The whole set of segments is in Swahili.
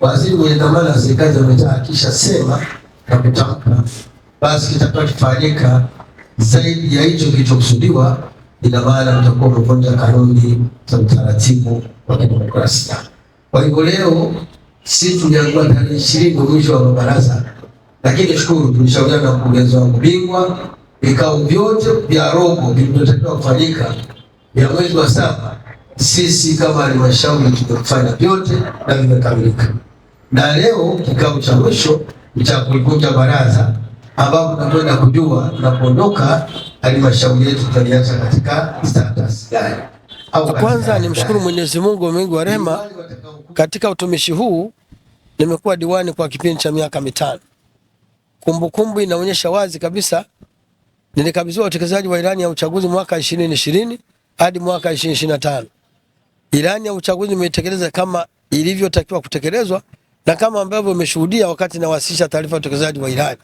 Waziri mwenye dhamana ya serikali za mitaa akishasema na kutamka, basi kitakuwa kifanyika zaidi ya hicho kilichokusudiwa, ina maana mtakuwa umevunja kanuni za utaratibu wa kidemokrasia. Kwa hivyo leo sisi tuliangua tarehe ishirini mwisho wa mabaraza, lakini shukuru tulishauriana na mkurugenzi wangu bingwa, vikao vyote vya robo vilivyotakiwa kufanyika ya mwezi wa saba, sisi kama halmashauri tumefanya vyote na vimekamilika na leo kikao cha mwisho cha kulikuu baraza ambapo tunakwenda kujua tunapoondoka halmashauri yetu tutaiacha katika status gani. Kwanza nimshukuru Mwenyezi Mungu mwingi wa rehema. Katika utumishi huu nimekuwa diwani kwa kipindi cha miaka mitano. Kumbukumbu inaonyesha wazi kabisa, nilikabidhiwa utekelezaji wa ilani ya uchaguzi mwaka 2020 hadi mwaka 2025. Ilani ya uchaguzi imetekeleza kama ilivyotakiwa kutekelezwa na kama ambavyo umeshuhudia wakati nawasilisha taarifa ya utekelezaji wa ilani.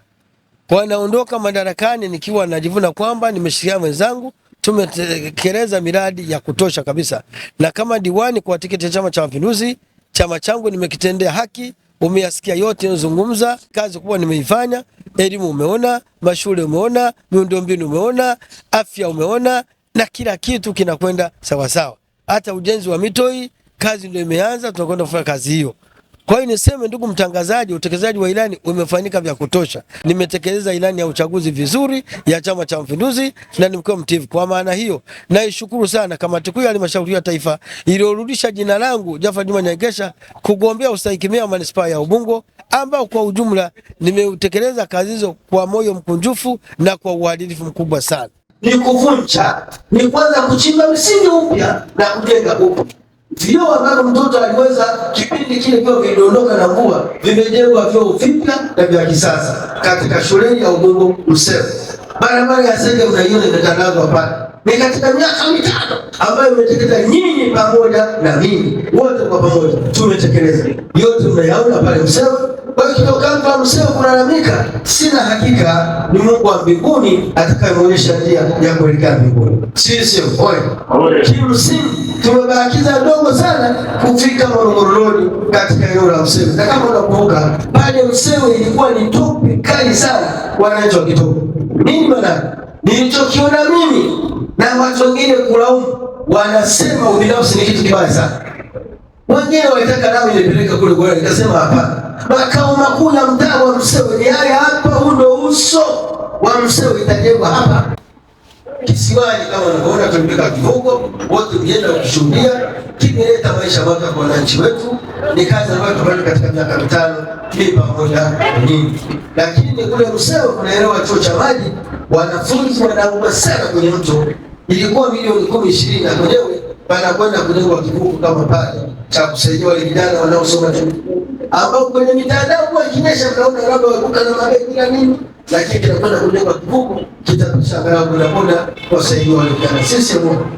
Kwa naondoka madarakani nikiwa najivuna kwamba nimeshikia wenzangu, tumetekeleza miradi ya kutosha kabisa, na kama diwani kwa tiketi ya Chama cha Mapinduzi, chama changu nimekitendea haki. Umeyasikia yote nizungumza, kazi kubwa nimeifanya. Elimu umeona, mashule umeona, miundombinu umeona, afya umeona, na kila kitu kinakwenda sawasawa. Hata ujenzi wa mitoi, kazi ndio imeanza, tunakwenda kufanya kazi hiyo. Kwa hiyo niseme ndugu mtangazaji, utekelezaji wa ilani umefanyika vya kutosha. Nimetekeleza ilani ya uchaguzi vizuri ya Chama cha Mapinduzi na nimekuwa mtivu. Kwa maana hiyo, naishukuru sana kamati kuu ya halmashauri ya taifa iliyorudisha jina langu Jafar Juma Nyagesha kugombea ustahiki meya wa manispaa ya Ubungo, ambao kwa ujumla nimeutekeleza kazi hizo kwa moyo mkunjufu na kwa uadilifu mkubwa sana. Ni kuvunja, ni kwanza kuchimba msingi upya na kujenga upya. Vyoo ambavyo mtoto aliweza kipindi kile vyoo vidondoka na kuwa vimejengwa vyoo vipya na vya kisasa katika shuleni ya Ubungo Usefu. Barabara ya Sege unaiona imetandazwa pale. Ni katika miaka mitano ambayo imetekeleza nyinyi pamoja na mimi wote kwa pamoja tumetekeleza yote, mnayaona pale Usefu. Kwa hiyo ikitokea mtu anusema kulalamika, sina hakika, ni Mungu wa mbinguni atakayemuonyesha njia ya kuelekea mbinguni. Sisi oye, kimsingi tumebakiza dogo sana kufika Morogoroni katika eneo la Msewe, na kama unakumbuka pale Msewe ilikuwa ni tope kali sana, wananchi wakitoka nini maana nilichokiona mimi na watu wengine kulaumu, wanasema ubinafsi ni kitu kibaya sana. Wengine walitaka nao nipeleka kule, nikasema hapana, makao hakuna mtaa wa Msewe, ni yaani haya hapa. Huu ndio uso wa Msewe, itajengwa hapa kisiwani, kama unavyoona tumepika kivuko, wote mjenda kushuhudia. Kimeleta maisha mapya kwa wananchi wetu, ni kazi ambayo tunafanya katika miaka mitano mimi pamoja nyinyi. Lakini kule Msewe kunaelewa chuo cha maji, wanafunzi wanauma sana kwenye mto, ilikuwa milioni kumi ishirini na kwenyewe panakwenda kujengwa kivuko kama pale cha kusaidia wale vijana wanaosoma chuo ambapo kwenye mitandao kwa kinyesha mnaona labda wakuta na mabegi na nini, lakini kinakwenda kujenga kivuko kitapasha ngawa bodaboda kwa saidia walikana sisi Mungu.